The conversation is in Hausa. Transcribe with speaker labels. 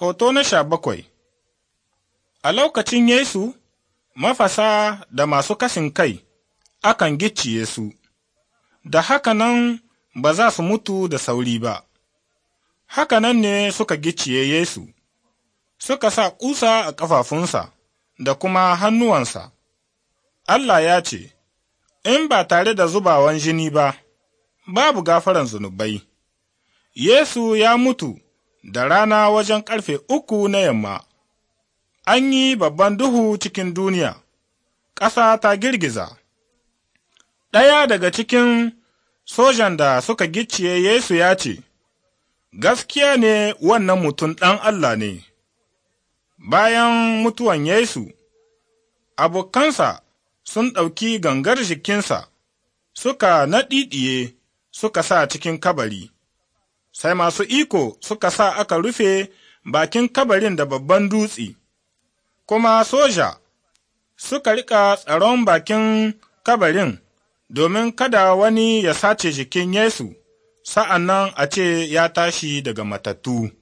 Speaker 1: Hoto na sha bakwai A lokacin Yesu, mafasa da masu kashin kai akan gicciye su, da haka nan ba za su mutu da sauri ba. Haka nan ne suka gicciye Yesu, suka sa ƙusa a ƙafafunsa da kuma hannuwansa. Allah ya ce, In ba tare da zubawan jini ba, babu gafaran zunubai. Yesu ya mutu da rana wajen ƙarfe uku na yamma, an yi babban duhu cikin duniya, ƙasa ta girgiza. Ɗaya daga cikin sojan da suka gicciye Yesu ya ce, Gaskiya ne wannan mutum ɗan Allah ne, bayan mutuwan Yesu, abokansa sun ɗauki gangar jikinsa, suka naɗiɗiye suka sa cikin kabari. sai masu iko suka sa aka rufe bakin kabarin da babban dutse, kuma soja suka rika tsaron bakin kabarin domin kada wani ya sace jikin Yesu, sa'an nan a ce ya tashi daga matattu.